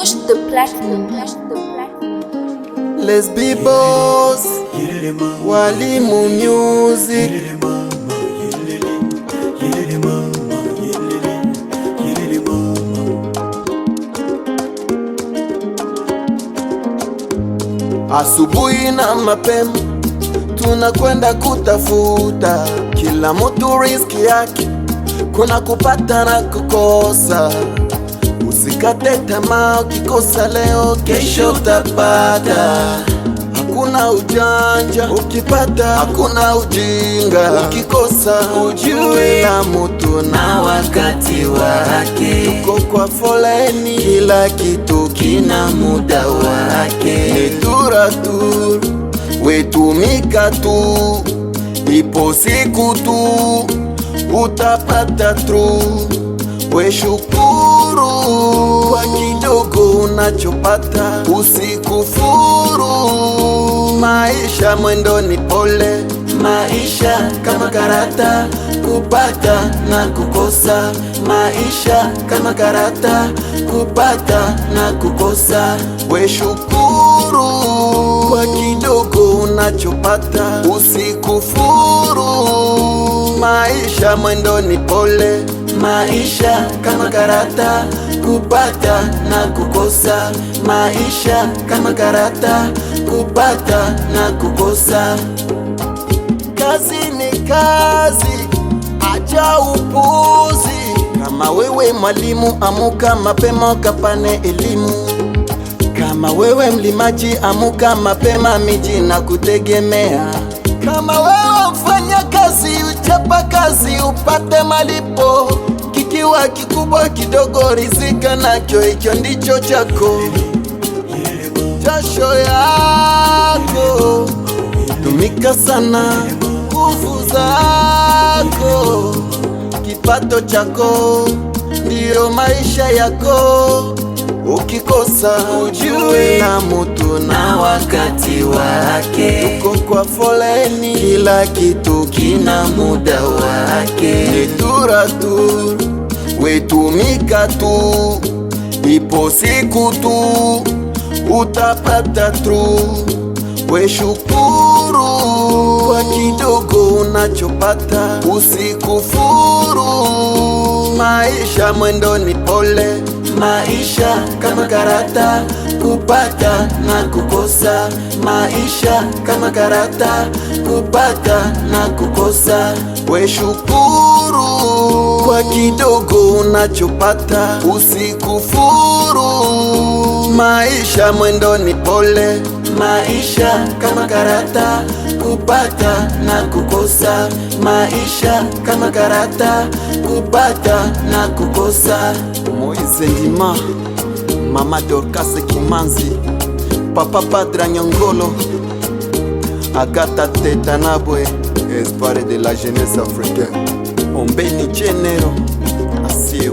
touche the platinum. Les Bibos, Walimu Music. Asubuhi na mapema tunakwenda kutafuta, kila mtu riski yake, kuna kupata na kukosa Usikate tamaa, ukikosa leo, kesho utapata. Hakuna ujanja, ukipata hakuna ujinga, ukikosa ujui. Na mutu na wakati wake, tuko kwa foleni, kila kitu kina muda wake. Netura tu wetumika tu, ipo siku tu utapata tru, weshukuru kwa kidogo unachopata, usikufuru. Maisha mwendo ni pole, maisha kama karata, kupata na kukosa. Maisha kama karata, kupata na kukosa. We shukuru kwa kidogo unachopata, usikufuru. Maisha mwendo ni pole, maisha kama karata kupata na kukosa, maisha kama karata, kupata na kukosa. Kazi ni kazi, acha upuzi. Kama wewe mwalimu, amuka mapema kapane elimu. Kama wewe mlimaji, amuka mapema, miji na kutegemea. Kama wewe mfanya kazi, uchapa kazi, upate malipo ukiwa kikubwa kidogo, rizika nacho, hicho ndicho chako. Jasho yako tumika sana, nguvu zako, kipato chako ndiyo maisha yako. Ukikosa ujui na mutu na wakati wake, tuko kwa foleni, kila kitu kina muda wake, ni tura tu wetumika tu, ipo siku tu utapata tru weshukuru shukuru kwa kidogo unachopata, usikufuru. Maisha mwendoni pole, maisha kama karata kupata na kukosa, maisha kama karata, kupata na kukosa. We shukuru kwa kidogo unachopata, usikufuru. Maisha mwendo ni pole, maisha kama karata, kupata na kukosa, maisha kama karata, kupata na kukosa. Moise Ndima Mama Dorcas Kimanzi, Papá Padra Nyongolo, Agata Tetanabwe es padre de la jeunesse africana Ombeni Genero, así